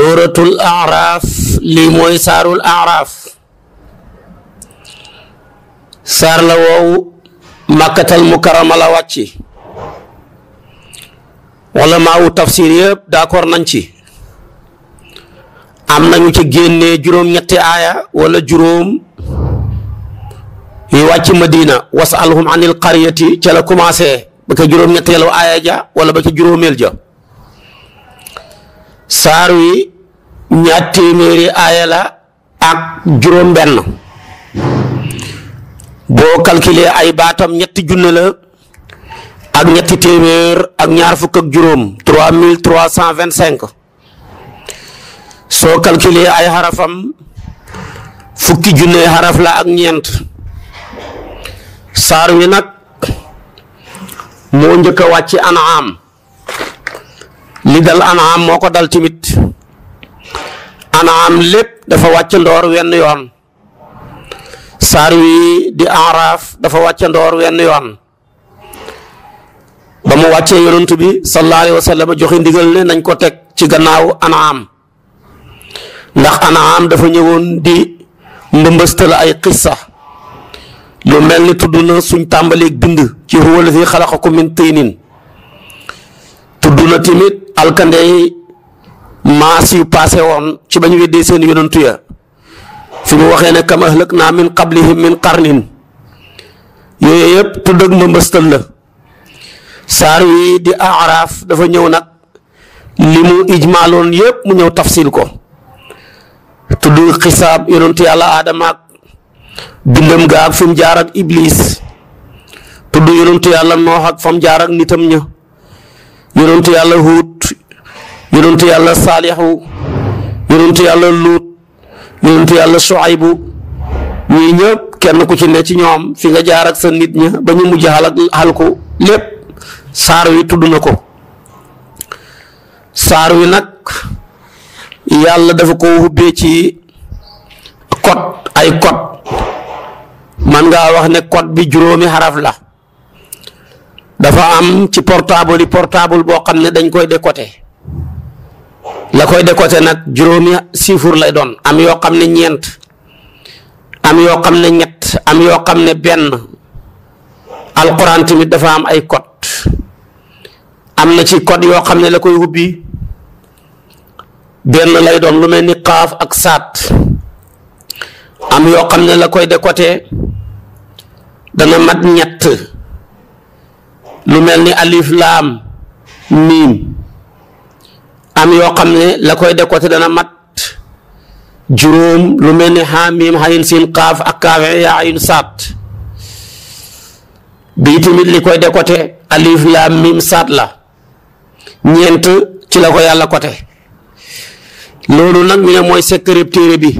suuratul araaf lii mooy saarul araaf saar la woowu màkkatal mukarama la wàcci wala maawu tafsir yëpp d'accord nañ ci am nañu ci génnee juróom-ñetti aaya wala juróom yi wàcc madina wasalhum anil qaryati ca la commencé ba ca juróom-ñetteelu aaya ja wala ba ca juróomeel ja saar wi ñaar téeméeri aaya ak juróom-benn boo calculer ay baatam ñetti junne la ak ñetti téeméer ak ñaar fukk ak juróom trois mille trois cent vingt cinq soo calculer ay xarafam fukki junne xaraf la ak ñeent saar wi nag moo njëkk a wàcc anaam li dal anaam moo ko dal tamit anaam lépp dafa wàcc ndoor wenn yoon saar wi di araaf dafa wàcc ndoor wenn yoon ba mu wàccee yonent bi sallallahu alayhi wa joxe ndigal ne nañ ko teg ci gannaaw anaam ndax anaam dafa ñëwoon di mbëmbëstal ay qissa lu mel ni tudd suñ tàmbaleeg bind ci huwa allazi xalaqakum min tiinin tudd na tamit alkande maas yu passé woon ci bañu weddee seen yonentu ya fi mu waxee ne kam ahlëk naa min qablihim min qarnin yooyu yëpp tudd ak mbëmbëstal la saar wi di araf dafa ñëw nag li mu ijmaaloon yëpp mu ñëw tafsil ko tudd xisaab yonantu yàlla aadama ak bindam ga fi jaar ak iblis tudd yonantu yàlla noox ak fam jaar ak nitam ña yonantu yàlla huut ti yàlla saalihu yonentu yàlla luut yonentu yàlla suaybu ñii ñëpp kenn ku ci ne ci ñoom fi nga jaar ak sa nit ña ba ñu mujj xal ak ko lépp saar wi tudd na ko saar wi nag yàlla dafa ko xubbee ci code ay code man ngaa wax ne kot bi juróomi xaraf la dafa am ci portable yi portable boo xam ne dañ koy de décoder la koy décoté nag juróomi chiffre lay doon am yoo xam ne ñeent am yoo xam ne ñett am yoo xam ne benn alquran tamit dafa am ay code am na ci code yoo xam ne la koy ubbi benn lay doon lu mel ni xaaf ak saat am yoo xam ne la koy décoté dana mat ñett lu mel ni alif laam miim am yoo xam ne la koy décoté dana mat juróom lu mel ne xaa miim xayin siin xaaf ak kaafe yaa ayun saat bii tamit li koy décoté alif laam miim saat la ñeent ci la ko yàlla côté loolu nag ñu ne mooy secret téere bi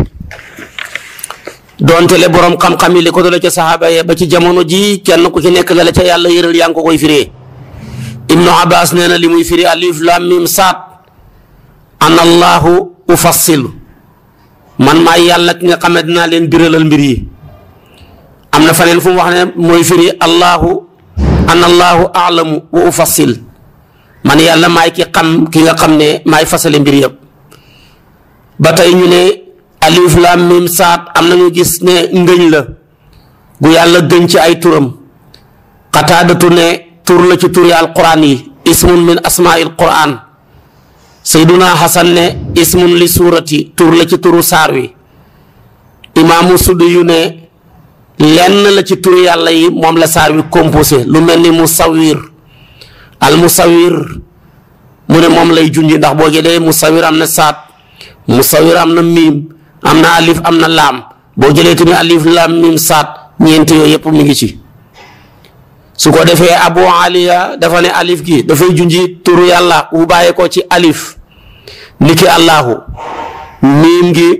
donte le borom xam-xam yi li ko doon ca saxaaba ya ci jamono jii kenn ku ci nekk la la ca yàlla yëral yaa ngi ko koy firee Ibnu Abbas nee na li alif laam miim saat ana allahu ufassilu man maay yàlla ki nga xam ne dinaa leen biralal mbir yi am na faneen fu mu wax ne mooy firi allahu ana allahu alamu wa ufassil man yàlla maay ki xam ki nga xam ne maay fasale mbir yëpp ba tey ñu ne alif lam mim saat am na ñu gis ne ngëñ la gu yàlla gëñ ci ay turam xataadatu ne tur la ci turi alquran yi ismun min asmail quran sayduna xasan ne ismun li suurati tur la ci turu saar wi imaamu suddu yu ne lenn la ci turu yàlla yi moom la saar wi composé lu mel ni musawir al musawir mu ne moom lay junji ndax boo gédee musawir am na saat musawir am na miim am na alif am na laam boo jëlee tamit alif laam miim saat ñeent yooyu yëpp mu ngi ci su ko defee abu aliya dafa ne alif gi dafay junji turu yàlla bu bàyyee ci alif niki allahu miim gi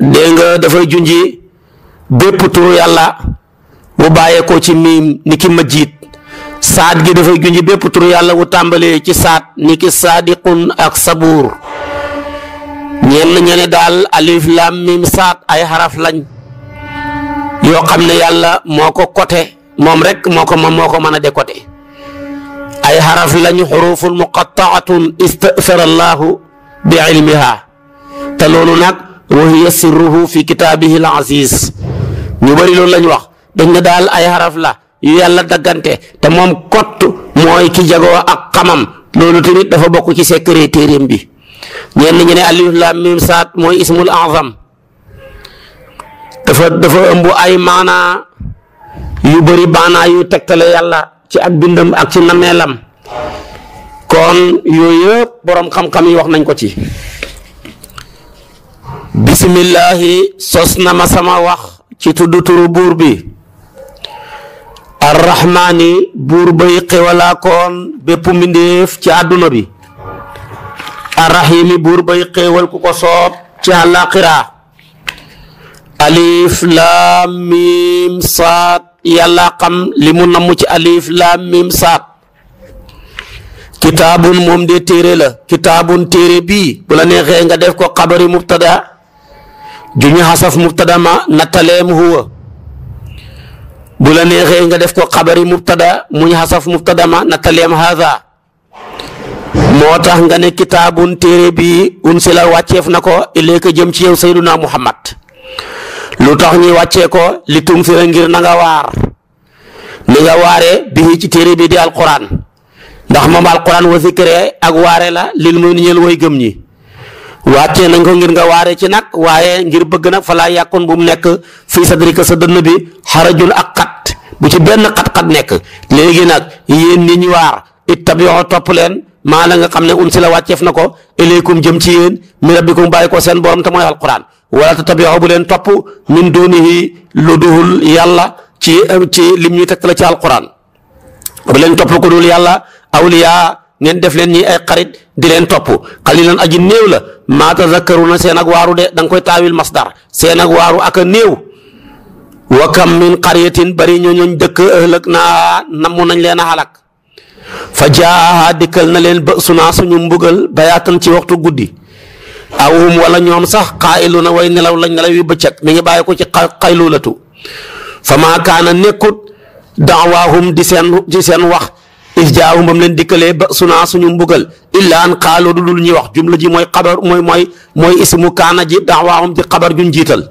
dégg nga dafay junji ci miim niki majid saad gi dafay junji bépp turu yàlla wu tàmbalee ci saad niki sadiqun ak sabuur ñenn ñene daal alif lam miim saad ay xaraf lañ yoo xam ne yàlla moo ko côté moom rek moo ko moo ko mën a décoté ay xaraf lañu xuruful muqattaatun istafara allahu bi ilmiha te loolu nag wa hiya sirruhu fi kitaabihi al aziz ñu bëri loolu lañ wax dañ ne daal ay xaraf la yu yàlla daggante te moom kott mooy ki jagoo ak xamam loolu tamit dafa bokk ci secrétaire bi ñenn ñi ne alif lam mim saat mooy ismul azam dafa dafa ay maanaa yu bari bana yu tektale yalla ci ak bindam ak ci namelam kon yooyu boram borom xam-xam yi wax nañ ko ci bismillahi sos nama ma sama wax ci tuddu turu bur bi arrahmani bur bay xewalaa kon bepp mindeef ci aduna bi arrahimi bur bay xewal ku ko ci alif lam mim sad yàlla xam li mu namm ci alif laam mim saat kitaabun moom de téere la kitaabun téere bii bu neexee nga def ko xabari mubtada juñu xasaf mubtada ma nattaleem huwa bu neexee nga def ko xabari mubtada muñ xasaf mubtada ma nattaleem haza moo tax nga ne kitaabun téere bii unsila wàcceef na ko ilayka jëm ci yow sayduna muhammad lu tax ñi wacce ko li tum fira ngir na nga war ni nga waré bi ci téré bi di alquran ndax mom alquran wa zikre ak waré la lil mu ñeel way gëm ñi wacce nañ ko ngir nga waré ci nak waaye ngir bëgg nak, fala yakun bu mu nekk fii sadrika sa dënn bi harajul aqat bu ci ben qat qat nek nak yeen ni ñi war ittabi'u nga xamne un la ilaykum jëm ci yeen mi rabbikum bayiko sen borom tamay alquran wala tattabi'u bu leen topp min dunihi lu duhul yàlla ci ci lim ñuy tegtal ci alquran bu leen topp ko dul yàlla awliya ngeen def leen ñi ay xarit di leen topp xalilan aji néew la maa tazakkaruna seen ak waaru de da nga koy taawil masdar seen ak waaru ak a néew wa kam min qaryatin bari ñooñu dëkk ëllëg naa namm nañ leen a xalak fa jaaha dikkal na leen ba sunaa suñu mbugal bayaatan ci waxtu guddi awhum wala ñoom sax xaayilu na way nelaw lañ nelaw yu bëccëg mi ngi bàyyi ko ci xaylulatu fa maa kaana nekkut daawaahum di seen di seen wax is jaahum bam leen dikkalee ba sunaa suñu mbugal illa an du dul ñuy wax jumla ji mooy xabar mooy mooy mooy ismu kaana ji daawaahum di xabar juñ jiital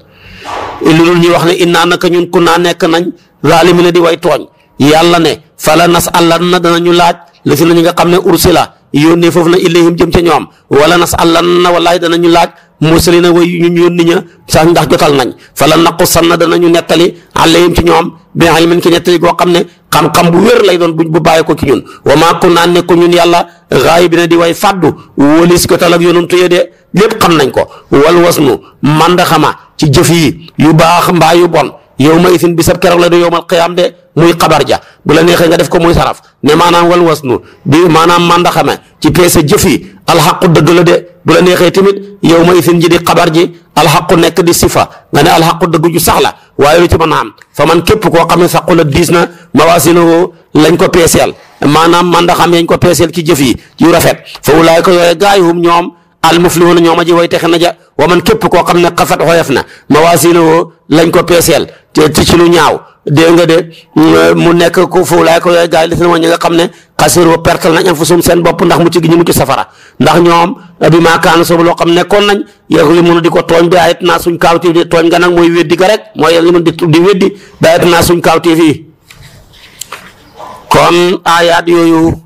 lu dul ñuy wax ne naa naka ñun naa nekk nañ zaalimi ne di way tooñ yàlla ne fala nas allan na danañu laaj la si nañu nga xam ne ursila yónnee foofu na ilayhim jëm ca ñoom wala nas allan na walaay danañu laaj mursalina way ñun yónni ña sax ndax jotal nañ fala naqusan na danañu nettali alayhim ci ñoom bi ilmin ki nettali goo xam ne xam-xam bu wér lay doon buñ bu bàyyi ko ci ñun wa maa kunnaa nekku ñun yàlla gaayibina di way fàddu wólis ko tal ak yonumtu ya de lépp xam nañ ko wal wasnu mandaxama ci jëf yi yu baax mbaa yu bon yow ma isin bisab keroog la du yowmal qiyaam de muy xabar ja bu la neexee nga def ko muy saraf ne maanaam wal wasnu bi maanaam mandaxame ci peese jëf yi alxaqu dëgg la de bu la neexee tamit yow ma isin ji di xabar ji alxaqu nekk di sifa nga ne alxaqu dëgg ju sax la waaye lu ci mën a am fa man képp koo xam ne saqu la diis na mawaasinoo lañ ko peeseel maanaam mandaxam yañ ko peeseel ci jëf yi yu rafet fa wulaay ko yooye gaay hum ñoom al muflihuna ñoom a ji way texe na ja wa man képp koo xam ne xafat xoyof na mawaasinoo lañ ko peeseel ci ci lu ñaaw de nga de mu nekk ku fuulaay ko def na nga xamne ne wa pertal nañ sum sen bop ndax mu ci gi ñu mu ci safara ndax ñoom bi ma kan so lo xamne kon nañ yeeg li mun di ko tivi bi ganang na suñ kaawtiif di togn ga nak moy weddi ga rek moy li mun di di weddi ayat na suñ kaawtiif yi kon ayat yoyu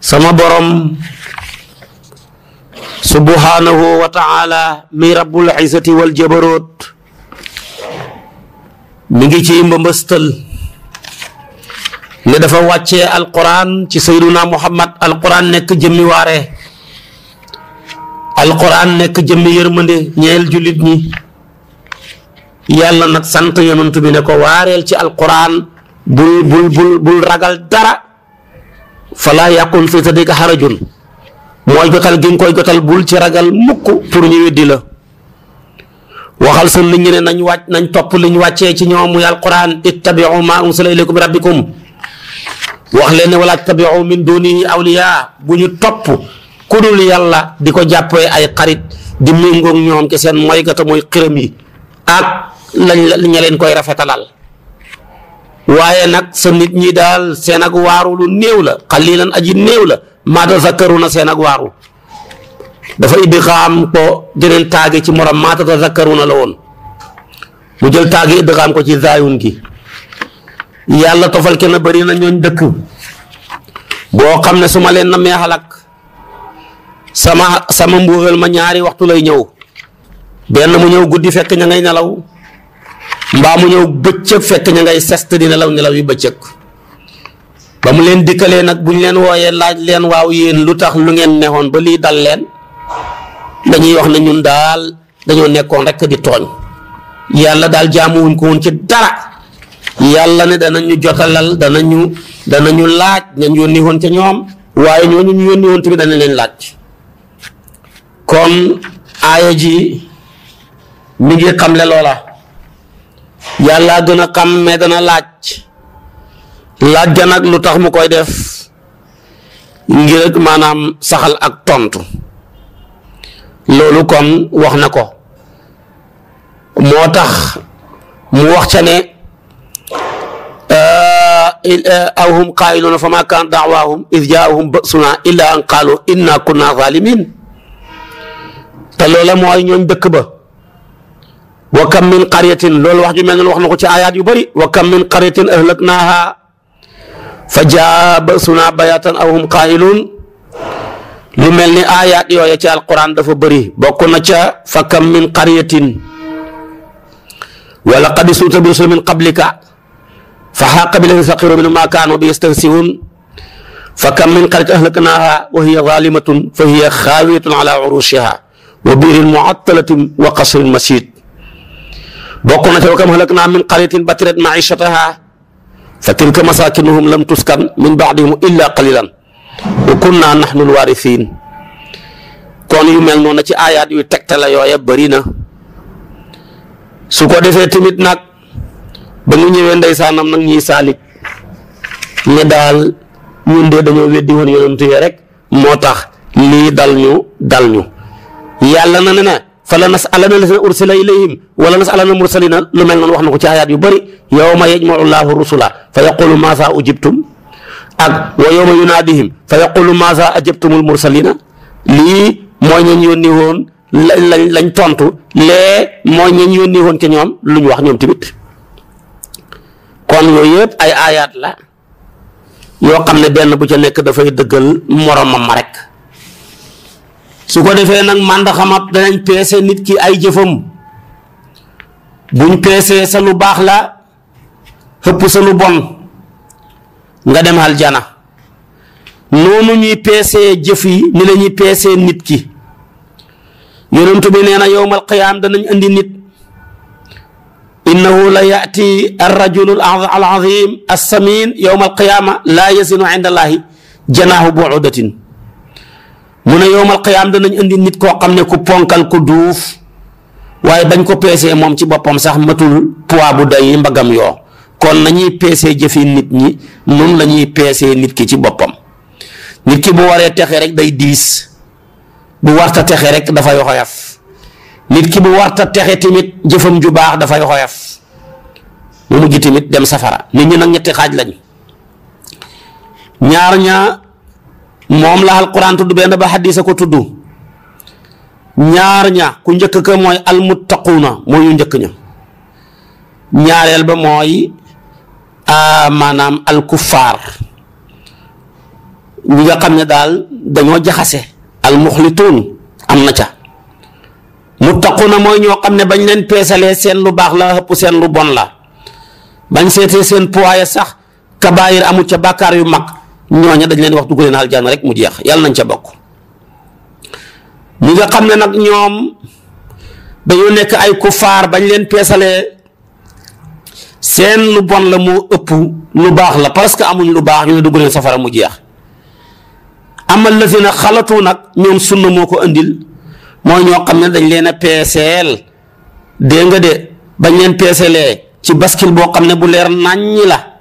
sama borom subhanahu wa ta'ala mi rabbul izzati wal jabarut mi ngi ci mbambastal ne dafa wàccee alquran ci sayduna muhammad alquran nekk jëmmi waare alquran nekk jëmmi yërmande ñeel jullit ñi yàlla nag sant yonent bi ne ko waareel ci alquran bul bul bul bul ragal dara falaa yàqun fi sadika harajun mooy jotal gi nga koy jotal bul ci ragal mukk pour ñu weddi la waxal sa nit ñi ne nañ wàcc nañ topp liñ wàccee ci ñoom muy alquran ittabiu ma unsila ilaykum rabbikum wax leen ne wala tabiu min dunihi awliya bu ñu topp ku dul yàlla di ko jàppee ay xarit di méngoog ñoom ci seen mooy gata mooy xiram yi ak lañ la ña koy rafetalal waaye nag sa nit ñi daal seen ak waaru néew la lii xalilan aji néew la maa tazakkaruna seen ak waaru dafa idgaam ko jëneen taagi ci morom maa tatazakkaruuna la woon mu jël taagi idgaam ko ci zaayun gi yàlla tofal kenn bari na ñooñ dëkk boo xam ne su ma leen na xalak sama sama mbuuxal ma ñaari waxtu lay ñëw benn mu ñëw guddi fekk ña ngay nelaw mbaa mu ñëw bëccëg fekk ña ngay sest di nelaw nelaw yu bëccëg ba mu leen dikkalee nag bu ñu leen wooyee laaj leen waaw yéen lu tax lu ngeen neexoon ba lii dal leen dañuy wax ne ñun daal dañoo nekkoon rek di tooñ yàlla daal jaamuwuñ ko woon ci dara yàlla ne ñu jotalal ñu danañu ñu laaj ñañ yónni woon ca ñoom waaye ñooñu ñu yónni woon tamit dana leen laaj kon aaya ji mi ngi xamle la yàlla gën a kam mais dana laaj laaj ga nag lu tax mu koy def ngir maanaam saxal ak tontu loolu kon wax na ko moo tax mu wax ca ne euh, euh, aw hum qaa'iluuna fa maa kaana da'waahum iz jaa'ahum ba'sunaa illaa an qaaluu innaa kunnaa zaalimiin te loola mooy ñooñ dëkk ba wa kam min qaryatin loolu wax ju mel noonu wax na ko ci ayaat yu bëri wa kam min qaryatin ahlaknaahaa fa jaa'a ba'sunaa bayaatan aw hum qaa'iluun lu mel ni ayaat yooya ci alquran dafa bëri bokk na ca fa kam min qaryatin wa laqad istahzi'a bi rusulin min qablika fa haaqa billadhiina saxiru minhum maa kaanu bihi yastahzi'uun fa kam min qaryatin ahlaknaahaa wa hiya zaalimatun fa hiya xaawiyatun alaa uruushihaa wa biirin mu'attalatin wa qasrin masiid bokk na ca wa kam ahlaknaa min qaryatin batirat ma'iishatahaa fa tilka masaakinuhum lam tuskan min ba'dihim illaa qaliilan wa kunna nahnul waarisiin kon yu mel noonu ci aayaat yu tegtala yooya bëri na su ko defee tamit nag ba ñu ñëwee ndeysaanam nag ñiy saalik ne daal ñun de dañoo weddi woon yonent yi rek moo tax lii dal ñu dal ñu yàlla na ne na fa la nas'alanna allaziina ursila ilayhim wala na mursaliina lu mel noonu wax na ko ci aayaat yu bëri yawma yajma'u llaahu rusula fa yaqulu maa saa ujibtum ak wa yawma yunaadihim fa yaqulu maasa ajabtumul mursalina lii mooy ñañ yónni woon lañ lañ tontu lee mooy ñañ yónni woon ca ñoom lu ñu wax ñoom tamit kon yooyu yëpp ay aayaat la yoo xam ne benn bu ca nekk dafay dëggal moromam ma rekk su ko defee nag màndaxamat danañ peese nit ki ay jëfam buñ peesee sa lu baax la xëpp sa lu bon nga dem jana noonu ñuy peesee jëf yi ni la ñuy nit ki yonent bi nee na yowmal qiyaam danañ andi nit innahu la yaati arrajulu al azim assamin yowmal qiyaama laa yazinu inda allahi janaahu buudatin mu ne yowmal qiyaam nañ andi nit koo xam ne ku ponkal ku duuf waaye bañ ko peesee moom ci boppam sax matul poids bu day mbaggam yoo kon nañuy peesee jëfi nit ñi noonu lañuy peese nit ki ci boppam nit ki bu waree texe rek day diis bu warta texe rek dafay xoyaf nit ki bu warta texe tamit jëfam ju baax dafay xoyaf mu mujj tamit dem safara nit ñi nag ñetti xaaj lañ ñaar ña moom la alquran tudd benn ba xaddiisa ko tudd ñaar ña ku njëkk ka mooy almuttaquuna mooy yu njëkk ña ñaareel ba mooy Ah, manam al kufar. ñi nga xamne dal dañu jaxase al mukhlitun am ca muttaquna moy ñoo xamne bañ leen pesale seen lu bax la hepp seen lu bon la bañ sété seen poids sax kabair amu ca bakar yu mag ñooña dañ leen wax duggu leen aljanna rek mu jeex yalla nañ ca bokk ñi nga xamne nak ñoom dañoo ay kufar bañ leen pesale seen lu bon la moo ëpp lu baax la parce que amuñ lu baax ñu ne dugg leen safara mu jeex amal la fi na xalatu nag ñoom sunna moo ko andil mooy ñoo xam ne dañ leen a peeseel dégg nga de bañ leen peeselee ci baskil boo xam ne bu leer naññ la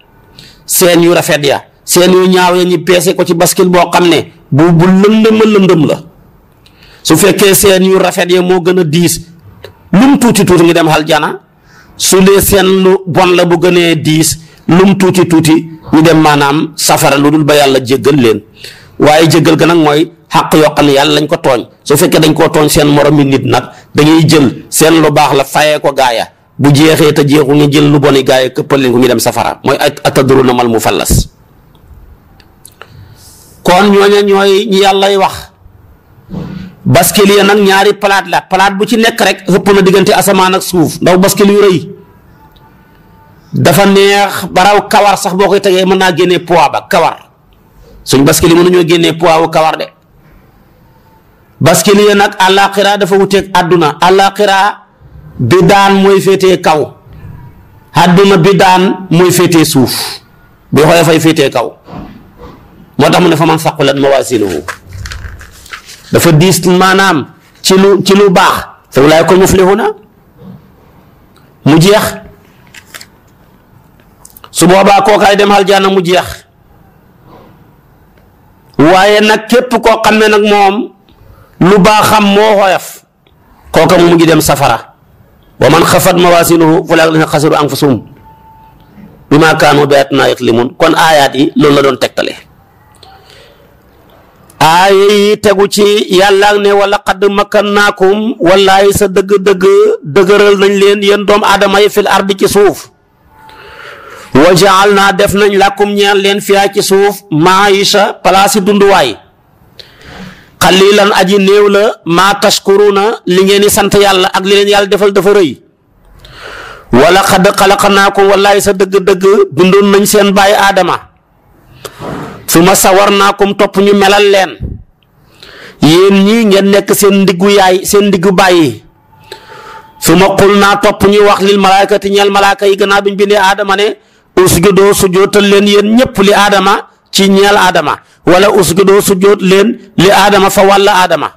seen yu rafet ya seen ñaaw ya peese ko ci baskil boo xam ne bu bu lëndëma lëndëm la su fekkee seen yu rafet ya moo gën a diis lum tuuti tuuti ngi dem aljana su dee seen lu bon la bu gënee diis lum tuuti tuuti ñu dem maanaam safara lu dul ba yàlla jéggal leen waaye jéggal ga nag mooy xàq yoo xam ne yàlla lañ ko tooñ su fekkee dañ koo tooñ seen morom mi nit nag dañuy jël seen lu baax la fayee ko gaaya bu jeexee te jeexu ñu jël lu boni gaaya këppal leen ko ñu dem safara mooy atadruuna mal mufallas kon ñooña ñooy ñi yàllay wax baskil ya nag ñaari palaat la palaat bu ci nekk rek xëpp na diggante asamaan ak suuf ndaw baskil yu rëy dafa neex baraw kawar sax boo koy tegee mën naa génnee poids ba kawar suñ baskil yi mënuñoo génnee poids wu kawar de baskil ya nag àllaaxira dafa wuteeg àdduna àllaaxira bi daan mooy féete kaw àdduna bi daan mooy féete suuf bi xooy fay féetee kaw moo tax mu ne fa man saqulat mawaaziinuhu dafa diis maanaam ci lu ci lu baax fa wulaay ko muflihuna mu jeex su boobaa kookaay dem aljanna mu jeex waaye nag képp koo xam ne nag moom lu baaxam moo xoyof kooka mu mujj dem safara wa man xafat ma waa mawaasinuhu fa laag lina xasiru anfusum bi maa kaanu bi ayatinaa yutlimun kon aayaat yi loolu la doon tegtale aaya yi tegu ci yàlla ne wala xadd makkannaakum wallaay sa dëgg-dëgg dëgëral nañ leen yéen doom aadama yi fil ardi ci suuf wa jaal naa def nañ làkkum ñeel leen fiyaa ci suuf maayisa palaas yi dunduwaay xalilan aji néew la maa na li ngeen di sant yàlla ak li leen yàlla defal dafa rëy wala xadd xalaqnaakum wallaay sa dëgg-dëgg dundoon nañ seen bàyyi aadama suma kum top ñu melal len yeen ñi ngeen nek seen diggu yaay seen diggu bayyi suma qulna top ñu wax lil malaikati ñal malaaka yi gëna biñ bindé adama ne usgudoo sujootal len yeen ñepp li adama ci ñal adama wala usgudoo sujoot len li adama fa wala adama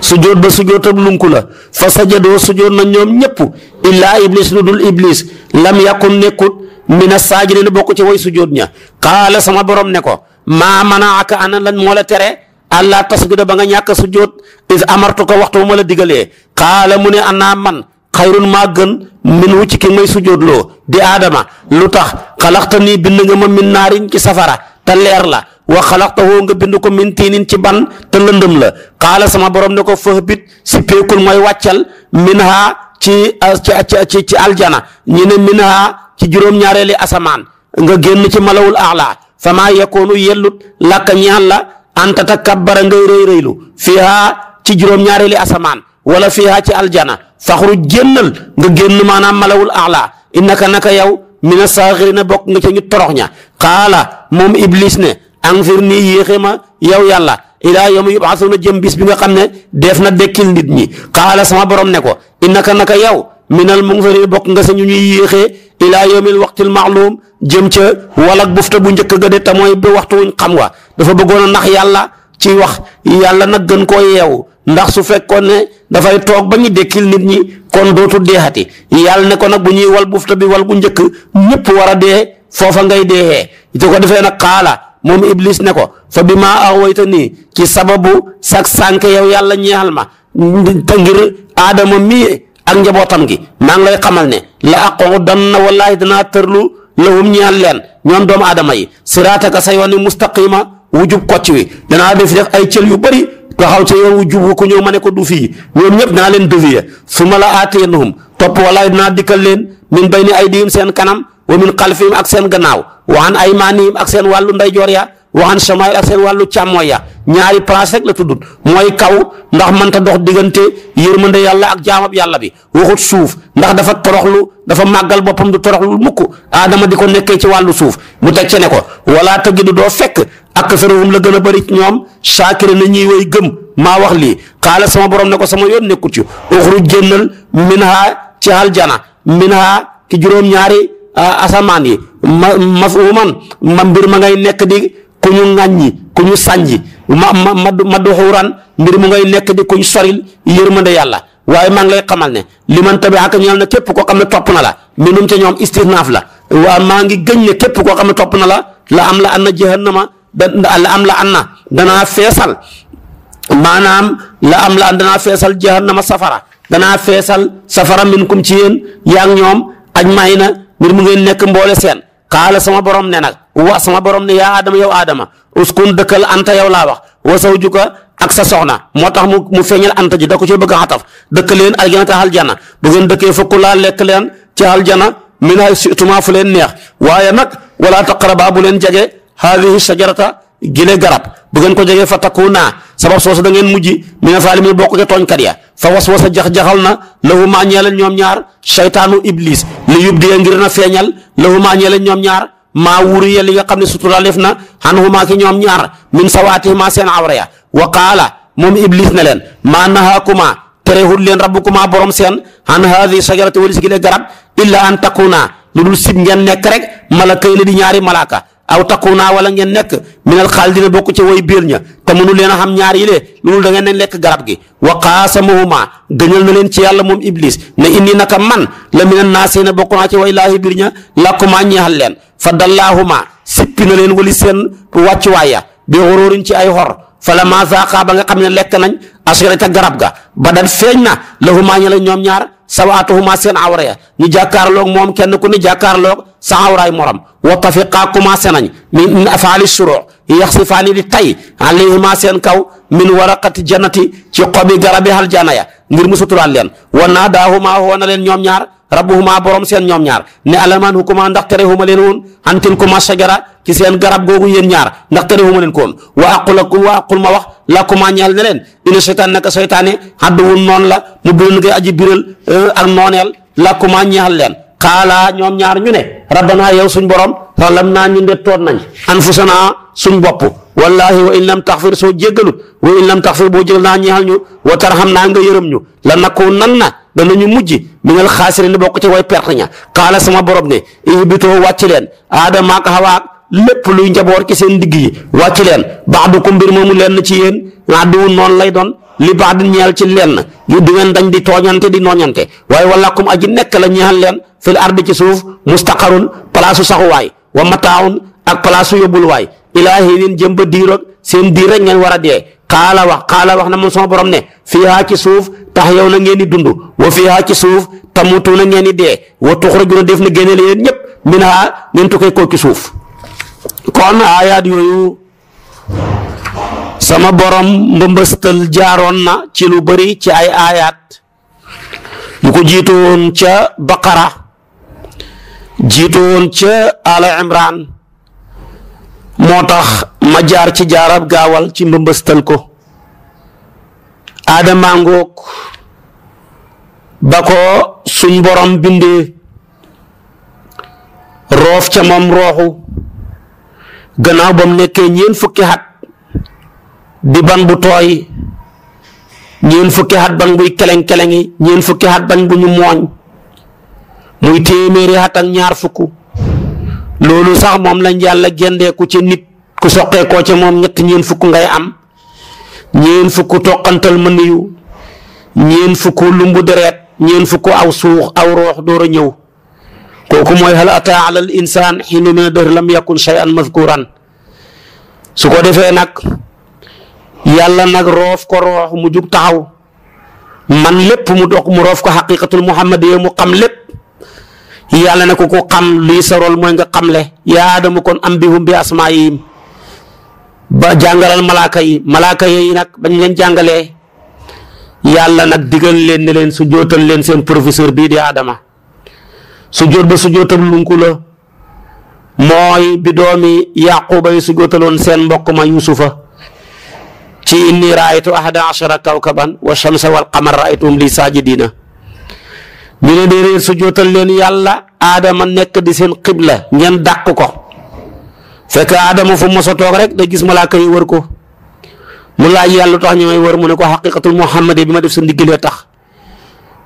sujoot ba sujootam lunku la fa sajado sujoot na ñom ñepp illa iblis nudul iblis lam yakun nekut min asajidin bokku ci way sujud ña qala sama borom ne ko ma manaaka an lan mola tere alla tasjuda ba nga ñak sujud is amartuka waxtu mola digale qala mune anna man khairun ma gën min wu ci ki may sujud lo di adama lutax khalaqtani bind nga ma min narin ci safara ta leer la wa khalaqtahu nga bind ko min tinin ci ban ta lendum la qala sama borom ne ko fahbit si pekul moy waccal minha ci ci ci aljana ñine minha ci juróom-ñaareeli asamaan nga génn ci malawul a'la famaa yakoonu yellut làkka ñaan la an tatakabbara ngay rëy rëylu fiihaa ci juróom-ñaareeli asamaan wala fiihaa ci aljana faxru génnal nga génn maanaam malawul a'la innaka naka yow mina saaxirina bokk nga ca ñu torox ña xaala moom iblis ne anfir nii yéexe ma yow yàlla ilaa yawma yub'asuuna jëm bis bi nga xam ne def na dekkil nit ñi xaala sama borom ne ko innaka naka yow minal munzariin bokk nga sa ñu ilaa yawmil waqtil maalum jëm ca walak bufta bu njëkk ga de te mooy ba waxtu wuñ xam wa dafa bëggoon a nax yàlla ci wax yàlla nag gën koo yeewu ndax su fekkoon ne dafay toog ba ñu dekkil nit ñi kon dootu deexati yàlla ne ko nag bu ñuy wal bufta bi wal bu njëkk ñëpp war a dee foofa ngay deexee te ko defee nag xaala moom iblis ne ko fa bi maa awayta nii ci sababu sak sànk yow yàlla ñeexal ma te ngir aadama mii ak njabootam gi maa lay xamal ne la aqu dan na wallaahi danaa tërlu lahum ñaan leen ñoom doomu aadama yi siraataka sa yoon yi mustaqima wu jub kocc wi danaa def def ay cël yu bëri taxaw ca yoon wu jub ku ñëw ma ne ko du fii ñoom ñëpp danaa leen dévier su ma la aateenuhum topp wallaahi danaa dikkal leen min bayni aydihim seen kanam wa min xalfihim ak seen gannaaw wa an aymaanihim ak seen wàllu ndeyjoor ya waxaan samaay ak seen wàllu càmmooy ya ñaari place rek la tuddut mooy kaw ndax man mënta dox diggante yërmande yàlla ak jaamab yàlla bi waxut suuf ndax dafa toroxlu dafa màggal boppam du toroxlu mukk aadama di ko nekkee ci wàllu suuf mu teg ci ne ko walaa tajidu doo fekk ak sarohum la gën a bari ñoom saakira na ñuy way gëm maa wax lii xaala sama borom ne ko sama yoon nekkut ci uxruj génnal minha ci aljana minha ki juróom-ñaari ah, asamaan yi ma nekk ku ñu ŋàññi ku ñu sànji ma ma ma ma duxuuran mbir mu ngay nekk di kuñ soril yërmande yàlla waaye maa ngi lay xamal ne li man tabi ak ñeel na képp koo xam ne topp na la minum ca ñoom istirnaaf la waa maa ngi gëñ ne képp koo xam ne topp na la la am la anna na da la am la anna danaa feesal maanaam la am la an danaa feesal jahannama safara danaa feesal safara min kum ci yéen yaa ñoom aj may na mbir mu ngeen nekk mboole seen xaala sama borom ne nag wax sama borom ne yaa Adama yow Adama uskun dëkkal anta yow laa wax wa zawjuka ak sa soxna moo tax mu mu feeñal anta ji da ko ci bëgg a xataf dëkk leen aljana te aljana bu ngeen dëkkee fukk laa lekk leen ci aljana min na situma fu leen neex waaye nag wala baa bu leen jege haadihi shajarata gile garab bu ngeen ko jegee fa takuuna sabab soosu da ngeen mujj mina zaalimiin bokk ca tooñkat ya fa waswasa jax-jaxal na lahumaa ñee leen ñoom ñaar shaytaanu iblis li yubdiya ngir na feeñal lahumaa ñee ñoom ñaar maa wuriya li nga xam ne suturalef na anhumaa ki ñoom ñaar min sawaatihimaa seen awra ya wa qaala moom iblis ne leen maa nahaakumaa terewul leen rabbukumaa borom seen an haadi sajarati walis gi le garab illa an takuuna lu dul sib ngeen nekk rek mala kay la di ñaari malaaka aw takuna wala ngeen min minal khaldina bokku ci way biir ña te munu leena xam ñaar yi le loolu da ngeen lek garab gi wa qasamuhuma gëñal na leen ci yalla mom iblis ne inni naka man la minan nasina bokku na ci way birnya, biir ña lakkuma ñeexal leen fa dallahuma sippi na leen wali sen waccu waya bi hororin ci ay hor fala ma zaqa ba nga xamne lek nañ asirata garab ga badan feñna lahuma ñala ñom ñaar sawatuhuma sen awraya ya ñu jakarlok mom kenn ku ni jakarlok sa awraay morom wa tafiqaa commencé nañ min afaali shuruu yaxsifaani di tay alayhima seen kaw min waraqati jannati ci xobi garabi aljana ya ngir mu suturaal leen wa naadaahuma woo na leen ñoom ñaar rabbuhuma borom seen ñoom ñaar ne alaman hukuma ndax terehuma leen woon antil kuma shajara ci seen garab googu yéen ñaar ndax terehuma leen ko wa aqul lakum wa aqul ma wax lakuma ñeel ne leen ina seytaan naka seytaane hadduwun noonu la mu bulun euh, ak nooneel lakuma ñeel leen xaala ñoom ñaar ñu ne rabbana yow suñ borom xalam naa ñun de toon nañ anfusanaa suñ bopp wallahi wa in lam taxfir soo jéggalu wa in lam taxfir boo jël naa ñeexal ñu wa xam naa nga yërëm ñu la nakku nan na danañu mujj mi ngal xaasiri ni bokk ci way perte ña xaala sama borom ne ihbitoo wàcc leen aadama ak hawaak lépp luy njaboor ci seen digg yi wàcc leen baax du ko mbir moomu leen ci yéen naa duwu noonu lay doon li baax di ñeel ci lenn yu di ngeen dañ di tooñante di nooñante waaye walakum aji nekk la ñeel leen fil ardi ci suuf mustaqarun palaasu saxuwaay wa mataawun ak palaasu yóbbulwaay ilaa hiin jëm ba diiroog seen diir rek ngeen war a dee xaala wax xaala wax na moom sama borom ne fiihaa ci suuf tax yow na ngeen di dund wa fiihaa ci suuf tamutu na ngeen di dee wa tuxrajuna def na génne leen ñëpp min haa ngeen tukkee koo ci suuf kon aayaat yooyu sama borom mbëmbëstal jaaroon na ci lu bari ci ay aayaat yu ko jiitu woon ca baqara jiitu woon ca ala imran moo tax ma jaar ci jaarab gaawal ci mbëmbëstal ko aadamaa ngoog ba ko suñ borom bindee roof ca moom rooxu gannaaw ba mu nekkee ñeen fukki xat di ban bu tooy ñeen fukki at ban buy keleng-kelengi ñeen fukki at ban bu ñu mooñ muy téeméeri at ñaar fukk loolu sax moom la yàlla gendeeku ci nit ku soqeekoo ci moom ñett ñeen fukk ngay am ñeen fukk toqantal ma niyu ñeen fukk lumbu dereet ñeen fukk aw suux aw roox door a ñëw kooku mooy hal ataa alal insaan xiinu mina dër lam yakun shay'an mazkuran su ko defee nag yàlla nag roof ko roox mu jug taxaw man lépp mu dox mu roof ko xaqiqatul muhammad yooyu mu xam lépp yàlla ne ko ku xam lii sa mooy nga xamle yaa Aadama kon am bihum bi ba jàngalal malaaka yi malaaka yi nag bañ leen jàngalee yàlla nag digal leen ne leen su jootal leen seen professeur bii di Aadama su joot ba su jootam lunku la mooy bi doomi Yaquba yi su jootaloon seen mbokk ma Yusufa ci inni raaytu ahada ashara kawkaban wa shamsa wal qamar raaitum li sajidina ñu ne déedéet sujjóotal leen yàlla aadama nekk di seen qibla ngeen dàq ko fekk aadama fu mos toog rek da gis malaaka yi wër ko mu laaj yàlla tax ñu wër mu ne ko xaqiqatul muhammad bi ma def sa ndiggalee tax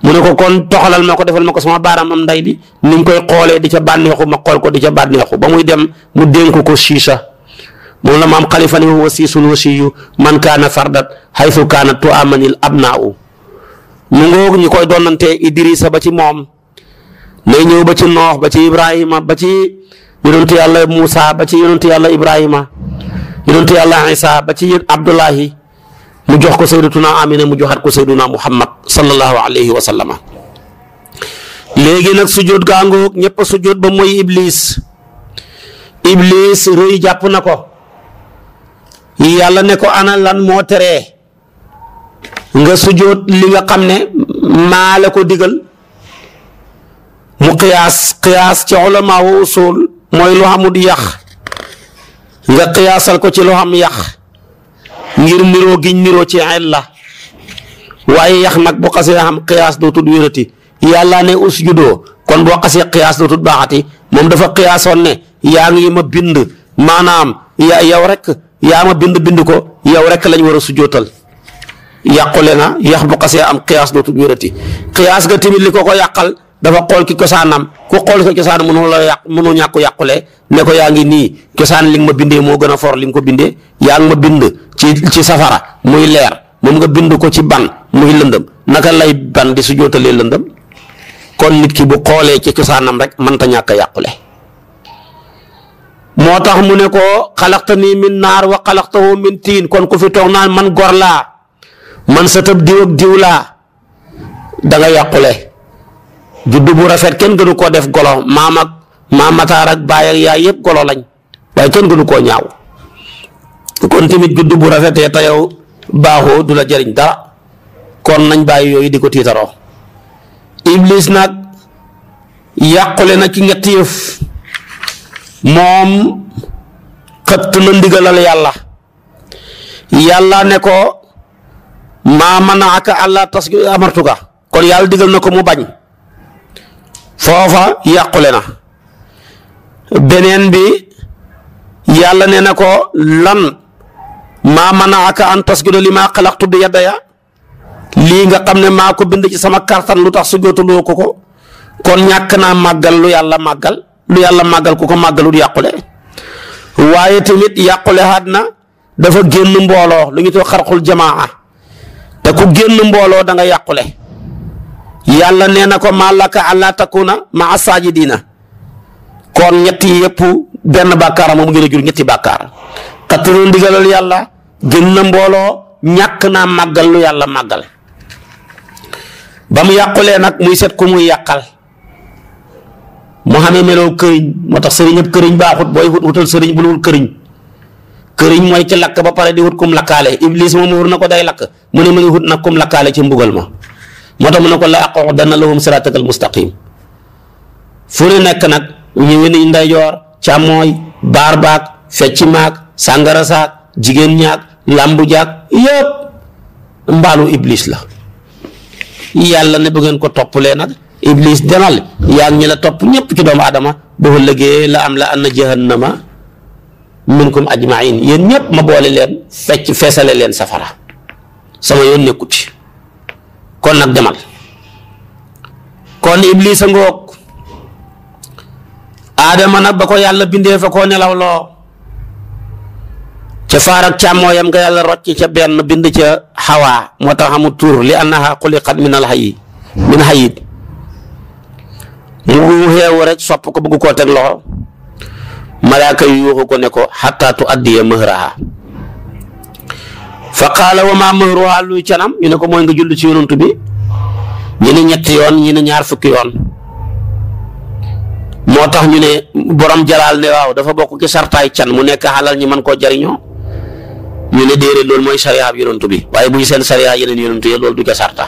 mu ne ko kon toxalal ma ko defal ma ko sama am nday bi ni koy xoolee di ca bànneexu ma xool ko di ca bànneexu ba muy dem mu dénk ko siisa moom la maam xalifa ne huwa siisun wasiyu man kaana fardat haythu kaanat tu amanil abnaaw mu ngoog ñi koy doonante Idrisa ba ci moom lay ñëw ba ci noox ba ci Ibrahima ba ci yonentu yàlla Moussa ba ci yonentu yàlla Ibrahima yonentu yàlla Isa ba ci Abdullahi mu jox ko sayyidatuna Amina mu joxaat ko sayyiduna Muhammad sallallahu alayhi wa nag sujjóot gaa ngoog ñëpp ba mooy Iblis Iblis rëy jàpp na ko. yalla ne ko ana lan mo téré nga sujjoot li nga xamné ne la ko digal mu qiyas qiyas ci ulama wa usul moy lu xamut yah nga qiyasal ko ci lu xam yah ngir niroo giñ niroo ci illa waye yah nag bu xasee qiyas do tud wirati yalla ne usjudo kon xasse qiyas do tud baati mom dafa ne ngi ma bind manam ya yow rek yaa ma bind bind ko yow rek lañ wara a yàqule nga yax bu xasee am qiyaas dootu wérati qiyaas ga timit li ko ko yàqal dafa xool ki cosaanam ku xool ko cosaan mënu la yàq mënu ñàkku yàqule ne ko yaa ngi nii cosaan li nga ma bindee moo gën for li nga ko bindee yaa ma bind ci ci safara muy leer moom nga bind ko ci ban muy lëndëm naka lay ban di sujjootalee lëndëm kon nit ki bu xoolee ci cosaanam rek ta ñàkk yàqule motax muné ko khalaqtani min nar wa khalaqtahu min tin kon ku fi man gor la man sa tab diw ak diw la da nga yàqule juddu bu rafet ken gënu ko def golo mam ak maam mataar ak baye ak yaay yeb golo lañ way ken gënu ko ñaaw kon timit juddu bu rafetee te yow baaxoo du kon nañ bayi yoy di ko iblis nak yàqule na ci ñett Mom, xëtt na ndigalal yalla yalla ne ko ma manaka allah tas amartuka ya kon yalla digal nako mu bañ fofa yaqulena benen bi yalla ne na lan ma manaka an tasjuda li maa bi yadaya li nga xamne mako bind ci sama kartan lutax tax ko kon ñak na magal lu yalla magal lu yàlla màggal ku ko màggalul yàqule waaye tamit yàqule xaat dafa génn mbooloo lu ñu too xarxul jamaa te ku génn mbooloo da yàqule yàlla nee na ko maa laka allaa takuna maa saajidiina kon ñetti yëpp benn bàkkaar moom ngeen a jur ñetti bàkkaar xatt na yàlla génn na mbooloo ñàkk naa màggal lu yàlla màggal ba mu yàqulee nag muy set ku muy yàqal mo xamé melo mata moo tax bahut ab këriñ sering bulur kering, kering sëriñ bul wut këriñ këriñ ba pare di hut kum lakale iblis mo wur na ko day lak mo ne mu ngi wut nag kum lakkaale ci mbugal ma tax mu la lahum siratal mustaqim fure nak nak nag ñu nday jor ndeyjoor càmmooy barbak baag fecc maag sàngara saag lambu jak yépp mbalu iblis la yalla ne bëggen ko topulé nak iblis demal yaa ngi ñu la topp ñëpp ci doomu adama boo lëggee la am la anna jahannama minkum ajmain yéen ñëpp ma boole leen fecc feesale leen safara sama yoon nekkut ci kon nag demal kon iblis a ngoog aadama nag ba ko yàlla bindee fa koo nelaw loo ca faar ak càmmooyam nga yàlla rocc ca benn bind ca xawaa moo tax amul tur li annaha xuliqat min min hayid mu xeewu rek sopp ko bëgg koo teg loxo malaaka yuuxu ko ne ko xataa tu addiya mahraha fa qaala wa ma mahruha luy canam ñu ne ko mooy nga julli ci yonantu bi ñu ne ñetti yoon ñu ne ñaar fukki yoon moo tax ñu ne borom jalaal ne waaw dafa bokk ci sartaay can mu nekk xalal ñi man koo jariñoo ñu ne déedéet loolu mooy sariyaab yonantu bi waaye bu ñu seen sariyaa yeneen yonantu yi ya, loolu du ca sarta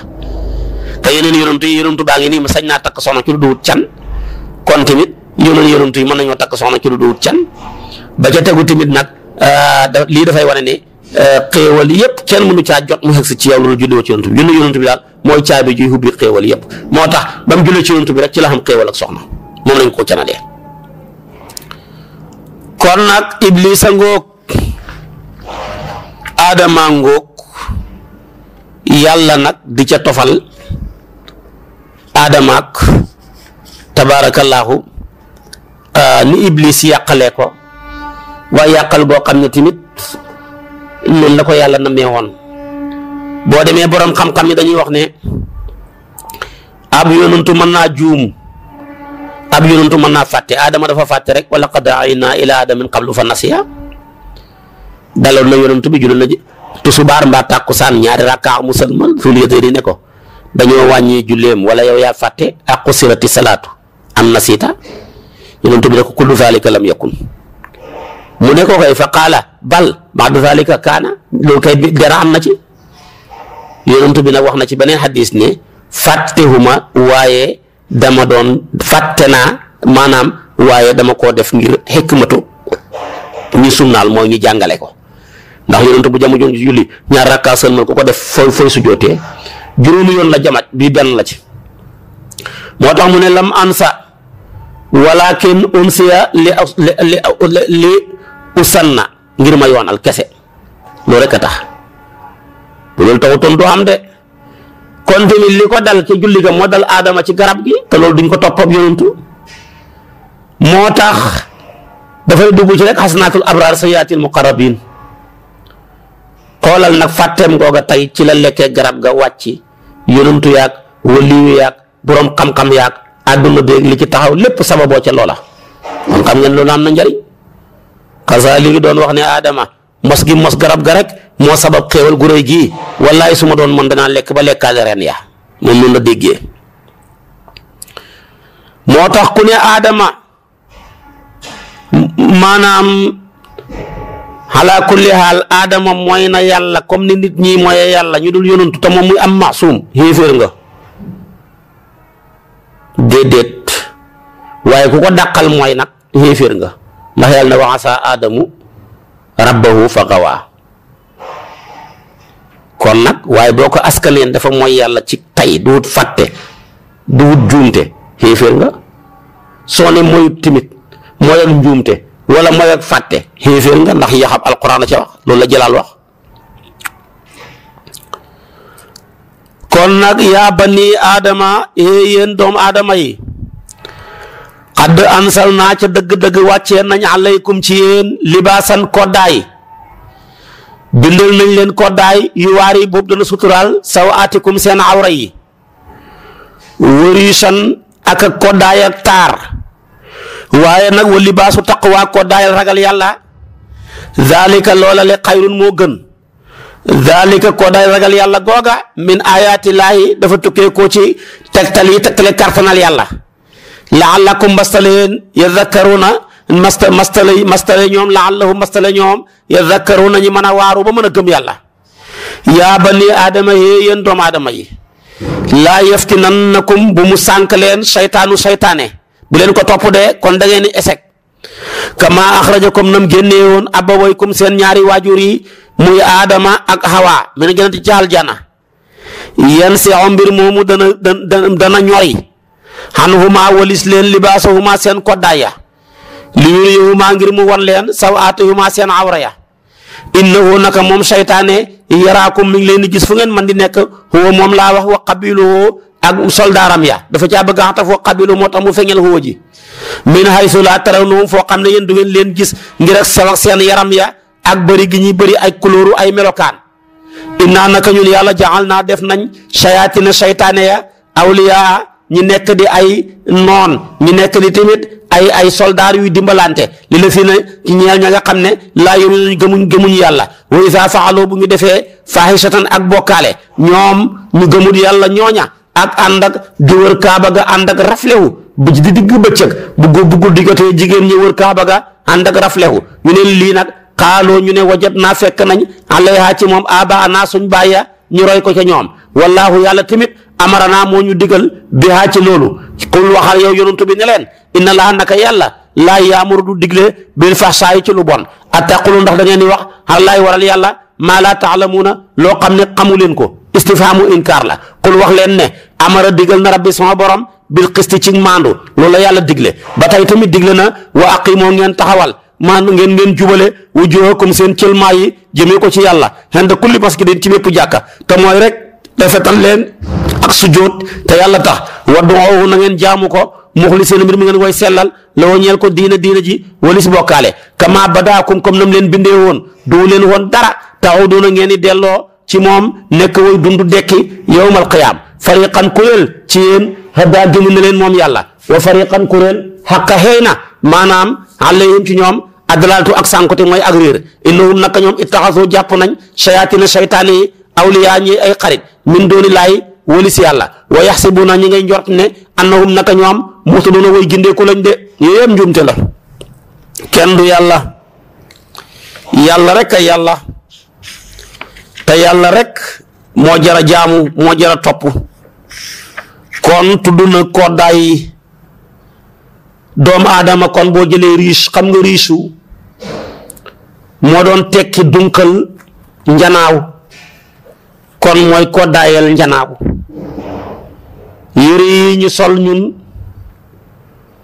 te yeneen yonantu yi yonantu baa ngi nii ma sañ naa takk soxna ci lu duwut can kon tamit yeneen yonantu yi mën nañoo takk soxna ci lu duwut can ba ca tegu tamit nag lii dafay wane ne xéewal yépp kenn mënu caa jot mu xegsi ci yow loolu julloo ci yonantu bi junne yonantu bi daal mooy bi juy hubbi xéewal yépp moo tax ba mu ci yonantu bi rek ci la xam xéewal ak soxna moom lañ ko canalee kon nag iblis a aadama ngoog yàlla nag di ca tofal tabarakallah tabarakallahu ah, ni iblis yakale ko wa yakal go xamne timit non la ko yalla namé won bo démé borom xam-xam ni dañuy wax né ab yununtu mën naa ab yununtu mën dafa faté rek wala qad aina ila adamin qablu fa nasiya daloon na yununtu bi julli na tusubar mba takusan ñaari musalman fu di ne ko dañoo wàññi julleem wala yow yaa fàtte ak xusirati salaatu am na siita yonent bi ne ko kullu zalika lam yakun mu ne ko kay fa qaala bal am na ci yonent bi nag wax na ci beneen hadis ne fàttewuma waaye dama doon fàtte naa maanaam waaye dama koo def ngir xikmatu ñu sunnaal mooy ñu jàngale ko ndax yonent bu jamono julli ñaar rakkaa sëlmal ko ko def fooy fooy su jootee juróomi yoon la jamaat bi ben la ci motax mu ne lam ansa walakin umsiya li li li usanna ngir ma yoonal kese lo rek tax bu taw taxutoon du am de kon tamit li ko dal ci julli ga modal adama ci garab gi te lol duñ ko ak yonantu motax da fay dugg ci rek xasnaatul abrar sayatil muqarrabin xoolal nak fatem goga tay ci la lekke garab ga wacci yonantu yaag waliyu yaag boroom xam-xam yaag àdduna beeg li ci taxaw lépp sama boo ca loola moom xam ngeen loolu am na njëriñ Xasaali gi doon wax ne Adama mos gi mos garab ga rek moo sabab xéewal gu rey gii wallaay su ma doon mën danaa lekk ba lekkaale ren yaa moom noonu la déggee moo tax ku ne Adama maanaam. ala kulli haal aadama mooy na yàlla comme ni nit ñi mooyee yàlla ñu dul yonantu te moom muy am maasum yéeféer nga déedéet waaye ku ko dàqal mooy nag yéeféer nga ndax yàlla na wa asaa aadamu rabbahu fa kon nag waaye boo ko askaneen dafa mooy yàlla ci tay du wut fàtte du wut juumte yéeféer nga soo ne mooyut timit mooy ak njuumte wala mooy ak fàtte xéeféer nga ndax yaxam alquran la ca wax loolu la jëlaal wax kon nag yaa ni aadama ee eh, yéen doomu aadama yi xadd ansal naa ca dëgg-dëgg wàccee nañ alaykum ci yéen libaasan koddaay bindal nañ leen koddaay yu waar yi boobu dana suturaal saw aatikum seen awra yi wërisan ak koddaay ak taar waaye nag wa libaasu taqwa ko daayal ragal yàlla zalika loola le moo gën zalika ragal yàlla googa min ayaati laahi dafa tukkee ko ci tegtal yi tegtale kartanal yàlla laallakum mastaleen yadakkaruna masta mastale mastale ñoom laallahum mastale ñoom yadakkaruna ñi mën a waaru ba mën a gëm yàlla yaa bani aadama yee yéen doomu aadama yi laa yaftinannakum bu mu sànk leen saytaanu saytaane bu leen ko topp dee kon da ngeen di échec kama axrajakum nam génnee woon abawaykum seen ñaari waajur yi muy aadama ak hawa min jannati ci aljana yan si mbir moomu dana dana dana ñori xanhuma walis leen libaasahuma seen koddaaya li yuriyahuma ngir mu won leen sawaatihuma seen awra ya innahu naka moom seytaane yaraakum mi ngi leen di gis fu ngeen man di nekk huwa moom laa wax wa qabiluhu ak soldaaram ya dafa caa bëgg a xata foo xabilu moo tax mu feñal xówa ji min foo xam ne yéen du ngeen leen gis ngir ak sew ak seen yaram ya ak bëri gi ñuy bëri ay kulóoru ay melokaan innaa naka ñun yàlla jaxal naa def nañ sayaatina saytaane ya awliyaa ñi nekk di ay noon ñi nekk di tamit ay ay soldaar yuy dimbalante li a fi ne ñeel ña nga xam ne laa yoruñu gëmuñ gëmuñ yàlla wa izaa fa'aluu bu ñu defee faaxisatan ak bokkaale ñoom ñu gëmul yàlla ñooña ak ànd ak di wër kaaba ga ànd ak raflewu bu di digg bëccëg bu bu guddi jotee jigéen ñi wër kaaba ga ànd ak raflewu ñu ne lii nag xaaloo ñu ne wajat naa fekk nañ alayha ci moom abaa naa suñ bàyya ñu roy ko ca ñoom wallaahu yàlla tamit amaranaa moo ñu digal bihaa ci loolu qul waxal yow yonantu bi ne leen inna laa naka yàlla laa yaamuru du digle bil fahsaayi ci lu bon attaqulu ndax da ngeen di wax xar laay waral yàlla maa laa taalamuuna loo xam ne xamu ko amara digal na rabbi sama borom bil qisti ci maandu loolu la yàlla digle ba tey tamit digle na wa aqimoo ngeen taxawal maandu ngeen ngeen jubale wujuhakum seen cëlmaa yi jëmee ko ci yàlla xen kulli masjidin ci bépp jàkka te mooy rek defetal leen ak sujjóot te yàlla tax wadduuhu na ngeen jaamu ko muxliseen mbir mi ngeen koy sellal loo ñeel ko diina diina ji walis bokkaale kama badaakum comme nam leen bindee woon du leen woon dara taxaw doona ngeen di delloo ci moom nekk way dund dekki yowmal qiyaam fariqan kuréel ci yéen hadaa gindi na leen moom yàlla wa fariqan kuréel xaqa xëy na maanaam alayhim ci ñoom adlaltu ak sànkote mooy ak réer innahum naka ñoom ittaxasoo jàpp nañ sayaatina saytaane yi awliyaa ñi ay xarit min dooni laay walis yàlla wa na ñi ngay njort ne annahum naka ñoom muhtaduna way gindeeku lañ de yooyu yëpp njuumte la kenn du yàlla yàlla rek a yàlla te yàlla rek moo jara jaamu moo jara topp kon tudd na koddaay doomu aadama kon boo jëlee riis xam nga riche moo doon tekki dunkal njanaaw kon mooy koddaayal njanaaw yére yi ñu sol ñun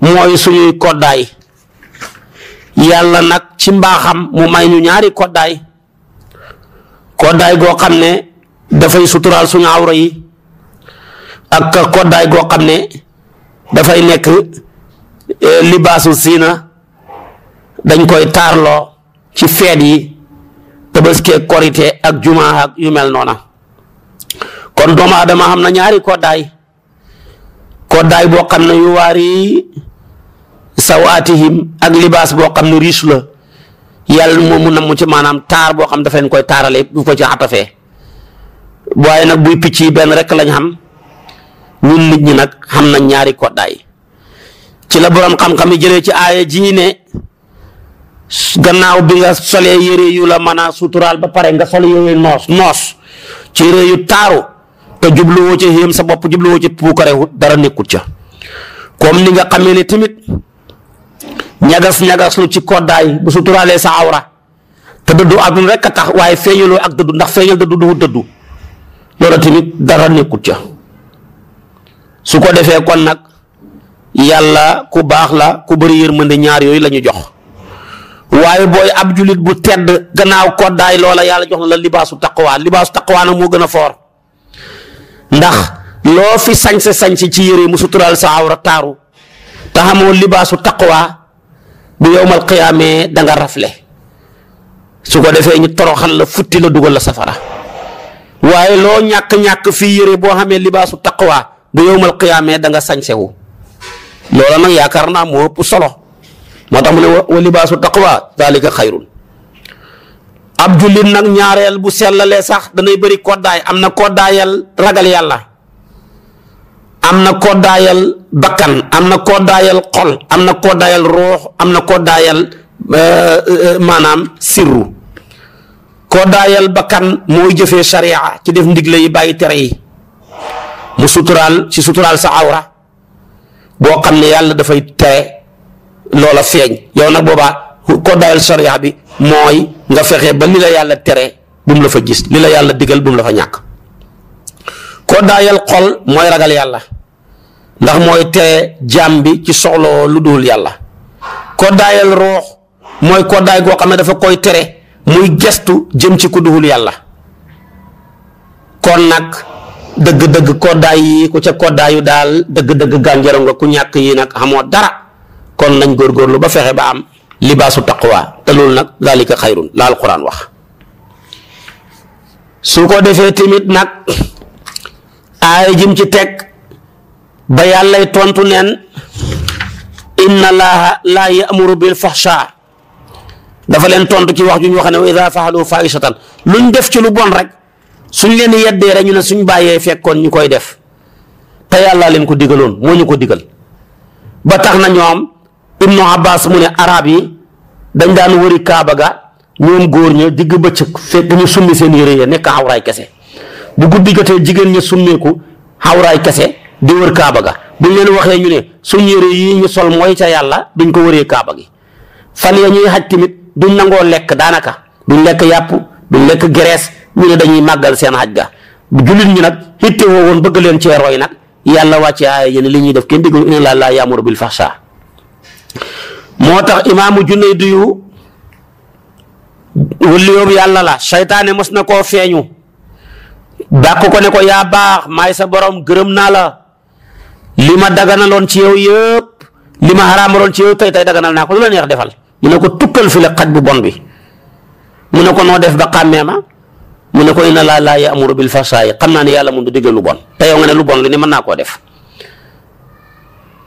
mooy suñuy koddaay yàlla nag ci mbaaxam mu may ñu ñaari koddaay koddaay goo xam ne dafay suturaal su awra yi ak koddaay goo xam ne dafay nekk eh, libaasu siina dañ koy taarloo ci feet yi tabaskee korite ak jumaa ak yu mel noona kon doomu aadama xam na ñaari koddaay koddaay boo xam ne yu waari sawaatihim ak libaas boo xam ne riche la yàlla moom mu namm ci maanaam taar boo xam dafa leen koy taarale bu ko ci xatafee waaye nag buy picc yi benn rek lañ xam ñun nit ñi nag xam na ñaari koddaay ci la borom xam-xam yi jëlee ci aaya ji ne gannaaw bi nga solee yére yu la mën a suturaal ba pare nga sol yére noos noos ci yére yu taaru te jubluwoo ci yéem sa bopp jubluwoo ca puukarewut dara nekkut ca comme ni nga xamee ne tamit ñagas ñagas lu ci koddaay bu suturaalee sa awra te dëddu àdduna rek a tax waaye feeñaloo ak dëddu ndax feeñal dëddu du dëddu loola tamit dara nekut ca su ko kubahla kon nak yalla ku bax la ku bëri yermande ñaar yoy lañu jox waye boy ab julit bu tedd gannaaw day lola yalla jox la libasu taqwa libasu taqwa na mo gëna for ndax lo fi sañse ci yere mu sutural sa awra taru ta xamo libasu taqwa bu yowmal qiyamé da nga rafle su ko defé ñu toroxal la futti la duggal la safara waye lo ñak ñak fi yere bo xamé libasu taqwa bu yowmal qiyamé da nga sañsé wu lolo nak yakarna mo upp solo motax mu ne wa libasu taqwa zalika khairun Abdulin nak ñaarel bu selale sax da nay bari am amna koddaayal ragal yalla amna na bakkan amna na koddaayal xol am na koddaayal ruux am euh, euh, euh, sirru ko dayal bakkan moy jëfee sharia ci def ndigle yi bàyyi tere yi mu sutural ci sutural sa awra bo xam yalla da fay tere lola feñ yow nak boba ko dayal sharia bi moy nga fexé ba lila yalla yàlla bu bum la fa gis lila yalla yàlla digal bum la fa ñak ko dayal xol moy ragal yalla ndax moy tere jaam bi ci soxlo lu dul ko dayal roh moy ko day go xam da fa koy tere muy gestu jëm ci kuduhul yalla kon nak deug deug ko day yi ku ca dayu dal deug deug gànjaro nga ku ñak yi nak xamoo dara kon nañ lu ba fexé ba am libasu taqwa te lool nak dalika khairun. la alquran wax su ko defé timit nak ay jëm ci tek ba yalla tontu nen inna allaha la ya'muru bil fahsha dafa leen tontu ci wax ju ñu wax ne wa ida faalu lu ñu def ci lu bon rek suñ leen yeddee rek ñu ne suñ bàyyee fekkoon ñu koy def te yàlla leen ko digaloon moo ñu ko digal ba tax na ñoom ibnu abbas mu ne araab yi dañ daan wari kaaba ga ñoom góor ña digg bëccëg fekk ñu summi seen yére ya nekk xawraay kese bu guddi jotee jigéen ña summeeku xawraay kese di wër kaaba ga buñ leen waxee ñu ne suñ yére yi ñu sol mooy ca yàlla duñ ko wëree kaaba gi fan ya ñuy xaj tamit duñ nango lek danaka duñ lek yap duñ lek gerees ñu ne dañuy magal seen hajga julit ñi nak hitte wo won bëgg leen ci roy nak yalla wàcce ay yene li ñuy def kën digul inna laa laa yaamuru bil fahsha moo tax imaamu junnay duyu wëlliyoob la shaytané mos na koo feeñu ko ne ko ya baax may sa borom gërem na la lima daganalon ci yow yëpp lima haram ron ci yow tay tay daganal na ko lu neex defal mu ne ko tukkal fi la bu bon bi mu ne ko noo def ba xàmmee ma mu ne ko inna laa laa ya'muru bil fahsaa'i xam naa ne yàlla mun du digal lu bon te yow nga ne lu bon lu ne mën naa koo def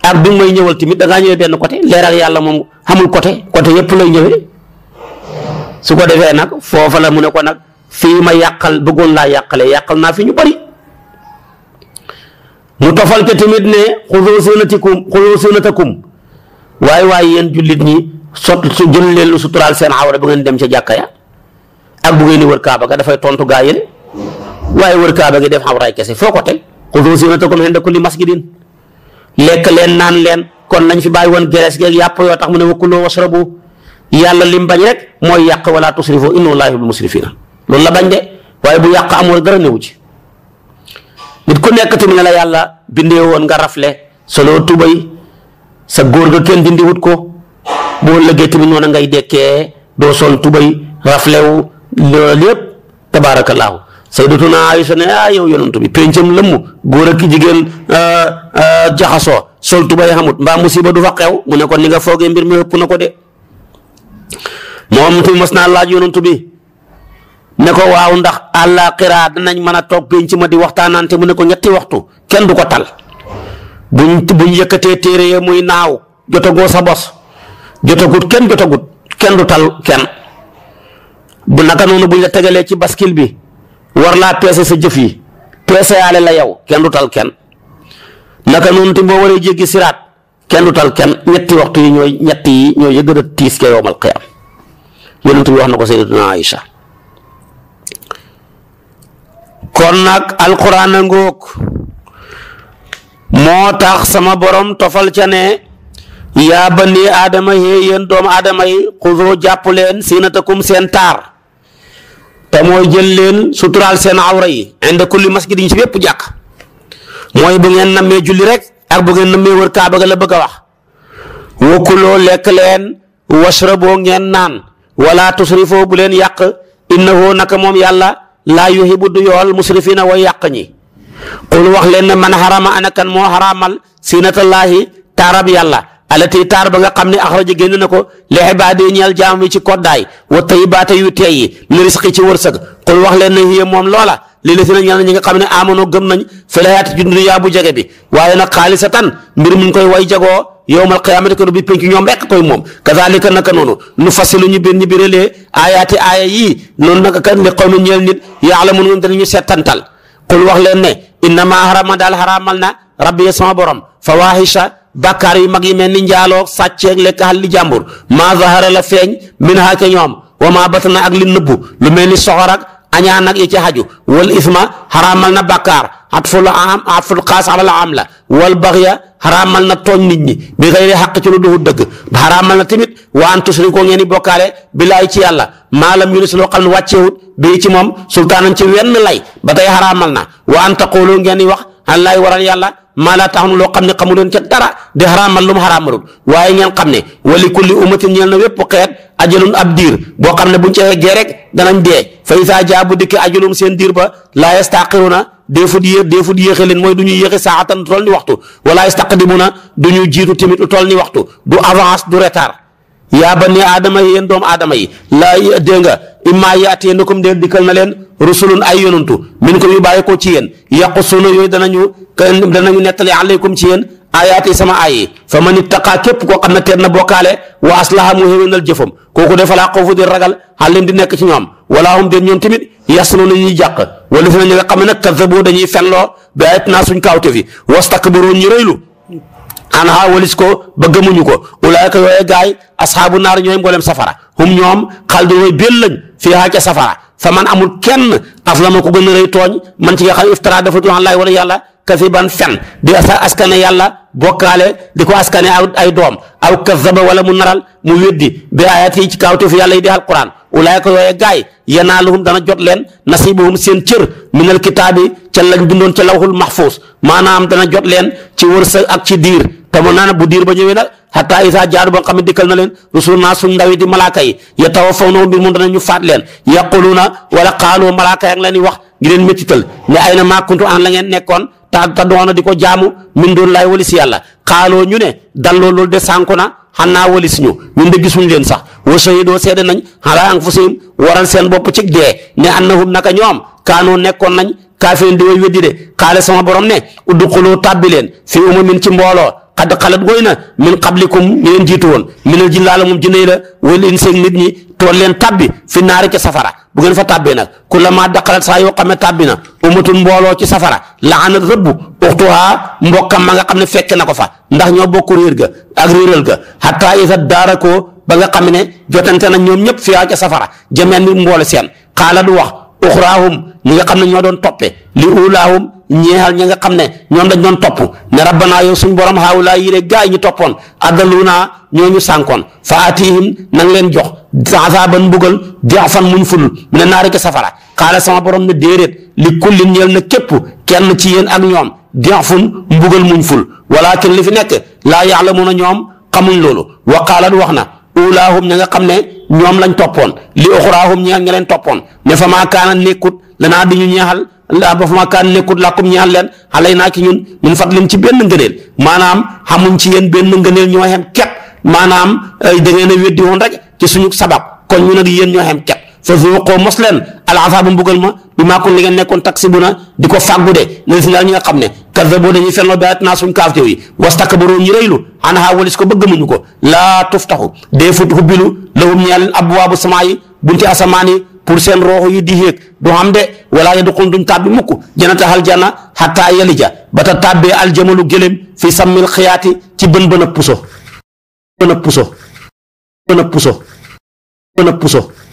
ak bi may ñëwal tamit da ngaa ñëwee benn côté leer yàlla moom xamul côté côté yëpp lay ñëwee ko defee nag foofa mu ne ko nag fii ma yàqal bëggoon laa yàqalee yàqal naa fi ñu bari mu tofal ke tamit ne xuzuu sunnatakum xuzuu sunnatakum waay waay yéen jullit ñi. sot su jël leen lu suturaal seen awra bu ngeen dem ca jàkka ya ak bu ngeen di wër kaaba ga dafay tontu gaa yéen waaye wër kaaba gi def awraay kese foo ko teg xudu zinatakum inda kulli masjidin lekk leen naan leen kon nañ fi bàyyi woon gerees geeg yàpp yoo tax mu ne wa kuluu washrabu yàlla lim bañ rek mooy yàq wala tusrifu inna laa yuhibbul musrifina loolu la bañ de waaye bu yàq amul dara newu ci nit ku nekk tamit ne la yàlla bindee woon nga rafle solo tubay sa góor ga kenn dindi ko. boo lëggee tamit noonu ngay dekkee doo sol tubay raflew loolu yëpp tabaarakallaahu sayyidatuna Aïcha ne ah yow yonantu bi pencam lëmm góor ak jigéen euh, euh, jaxasoo sol tubay xamut mbaa musiba du fa xew mu ne ko ni nga foogee mbir mi ëpp na ko de mas naa laaj yonantu bi ne ko waaw ndax àllaaxira nañ mën a toog penc ma di waxtaanante mu ne ko ñetti waxtu kenn du ko tal buñ buñ yëkkatee téere ya muy naaw jotagoo sa bos jotagut ken jotagut ken du tal ken bu naka nonu buñ la tegalé ci baskil bi war la pesé sa jëf yi peeseyaale la yaw ken. du tal ken naka nonu te boo waree jéggi sirat ken du tal ken ñetti waxtu yi ñoy ñetti yi ñoy yëgën a tiis yowmal qiyam yonent tu wax nako aisha kon nak alquran ngok motax sama borom tofal ca ne yaa bani aadama hee yéen doomu aadama yi xuzoo jàpp leen siinatakum seen taar te mooy jël leen suturaal seen awra yi inda kulli masjid yi ci bépp jàkk mooy bu ngeen nammee julli rek ak bu ngeen nammee wër kaaba ga la bëgg a wax wakkuloo lekk leen washraboo ngeen naan wala tusrifoo bu leen yàq innahoo naka moom yàlla laa yuhibu du yool musrifina way yàq ñi qul wax leen ne man harama anakan moo haramal siinatallaahi taarab yàlla alati taar ba nga xam ne axraja génn na ko li ibaade yi ñeel jaam yi ci koddaay wa tayibaate yu tey yi li risqi ci wërsëg xul wax leen na hiya moom loola lii la si na ñeel ñi nga xam ne amono gëm nañ fi layaati ci duniyaa bu jege bi waaye nag xaalisatan mbir mun koy way jagoo yowmal qiyaamati ko bi penc ñoom rekk koy moom kazalika naka noonu nu fasilu ñu bir ñu biralee aayaati aaya yii noonu naka kan li xawmi ñeel nit yaalamun moom danañu settantal xul wax leen ne innama harama daal xaraamal na rabbi sama borom fawahisha bakaar yu mag yi mel ni njaaloog sàcceeg lekk xal li jàmbur maa zahara la feeñ min ha ca ñoom wa maa batana ak li nëbbu lu mel ni soxor ak añaan ak yi ca xaju wal isma xaraamal na bàkkaar atful am atful xaas ala am la wal baxya xaraamal na tooñ nit ñi bi xëy xaq ci lu duxu dëgg xaraamal na tamit wa an tusriku ngeen di bokkaale billaay ci yàlla maa yu ni si loo xam ne wàcceewut bii ci moom sultaanan ci wenn lay ba tey xaraamal na wa an taqulu di wax an lay yàlla maa laa taxoon loo xam ne xamu leen ca dara di xaraamal lu mu xaraamalul waaye ngeen xam ne wali kulli ummatin ñeel na wépp xeet ajalun ab diir boo xam ne buñ ca yeggee rek danañ dee fa sa jaa bu dikkee ajalum seen diir ba laa yastaaxiruna déefut yéex déefut yéexe leen mooy du ñu yéexe saatan toll ni waxtu wala na du ñu jiitu tamit lu toll ni waxtu du avance du retard yaa bani aadama yi yéen doomu aadama yi laa dégg nga immaa yaateenakum de dikkal na leen rusulun ay yonantu minkum yu bàyyi ko ci yéen yaqusuuna yooyu danañu danañu nettali aleykum ci yéen ayaati sama ayi fa man ittaqa képp koo xam na teet na bokkaale wa aslaha mu xéwénal jëfam kooku de falaa xawfu de ragal xàlleen di nekk ci ñoom wala hum de ñoom tamit yasluuna ñuy jàq wala fi na ñi nga xam ne nag kazaboo dañuy fenloo bi ayat naa suñ kaawte fi wastakbaru ñu an haa walis ko ba gëmuñu ko ulaayka yooye gaay asxaabu naar ñooy mboolem safara hum ñoom xal du mooy bél lañ fii haa ca safara fa man amul kenn aslama ko gën a rëy tooñ man ci nga xam iftara dafa tuuxan laay wala yàlla kasiban fen di asa askane yàlla bokkaale di ko askane ay doom aw kazaba wala mu naral mu weddi bi ayaat yi ci kaawte fi yàlla yi di alquran ulaay ko yooye gaay yanaaluhum dana jot leen nasibuhum seen cër minal kitaabi ca lañ bindoon ca lawxul maxfuus maanaam dana jot leen ci wërsëg ak ci diir te mu naan bu diir ba ñëwee na xataa isaa jaadu ba xam ne dikkal na leen rusul naa suñ ndawi di malaaka yi ya tawa faw na mbir moom dana ñu faat leen yaquluuna wala xaaloo malaaka yak la ñuy wax ngi leen méttital ne ay na maakuntu an la ngeen nekkoon ta ta doona di ko jaamu min doon laay wali si yàlla xaaloo ñu ne dalloo loolu de na xan naa wali si ñu ñun de gisuñ leen sax wa shahidoo seede nañ ala anfusihim waral seen bopp cig dee ne annahum naka ñoom kaanoo nekkoon nañ kaafiriin di way weddi de xaale sama borom ne udxuluu tàbbi leen fi umamin ci mbooloo xad xalat goy na min qablikum ñi leen jiitu woon minal ji laa la ji jiney la wal in seeg nit ñi tool leen tàbbi fi naari ca safara bu ngeen fa tàbbee nag kullamaa daxalat saa yoo xam ne tàbbi na umatun mbooloo ci safara laanat rëbb uxtuhaa mbokkam ma nga xam ne fekk na ko fa ndax ñoo bokk ga ak ga xataa isa ko ba nga xam ne jotante na ñoom ñëpp fiyaa ca safara jëmeen ni mboole seen xaala wax uxraahum mu nga xam ne ñoo doon toppe li ulaahum ñeexal ñi nga xam ne ñoom dañ doon topp ne rabbanaa yow suñ borom haawulaa yi de gaa yi ñu toppoon addaluunaa ñoo ñu sànkoon fa atihim nang leen jox azaaban mbugal di'fan muñ fulul mu ne naari ko safara xaala sama boroom ne déeréet li kullin ñeel na képp kenn ci yéen ak ñoom di'fun mbugal muñ ful walaakin li fi nekk laa ya'lamuuna ñoom xamuñ loolu wa qaalat wax na ulaahum ña nga xam ne ñoom lañ toppoon li uxraahum ñi nga leen toppoon ne fa maa kaana nekkut lanaa di ñu ñeexal la ba fa maa kaana nekkut làkkum ñeexal leen xale naa ci ñun min fadlin ci benn ngëneel maanaam xamuñ ci yéen benn ngëneel ñoo ket maanaam da a weddi woon rek ci suñu sabab kon ñu a yéen ñoo xem ket fa zuuqoo mos leen al azaaba mbugal ma bi maa kon nekkoon ngeen bu na di ko fàggu de ne ñi nga xam ne kazaboo dañuy fenloo bi ayaat naa suñ kaafte yi wastakbaroo ñu rëylu anhaa walis ko bëgg muñu ko laa tuftaxu dee fut hubbilu lahum ñeel leen abwaabu samaa yi bunti asamaan yi pour seen roox yi di yéeg du xam de walaa yadxuluun duñ tàbbi mukk jannata aljanna xataa yalija ba ta tàbbee aljamalu gëléem fi sammil xiyaati ci bën bën a puso bën a puso bën a puso bën a puso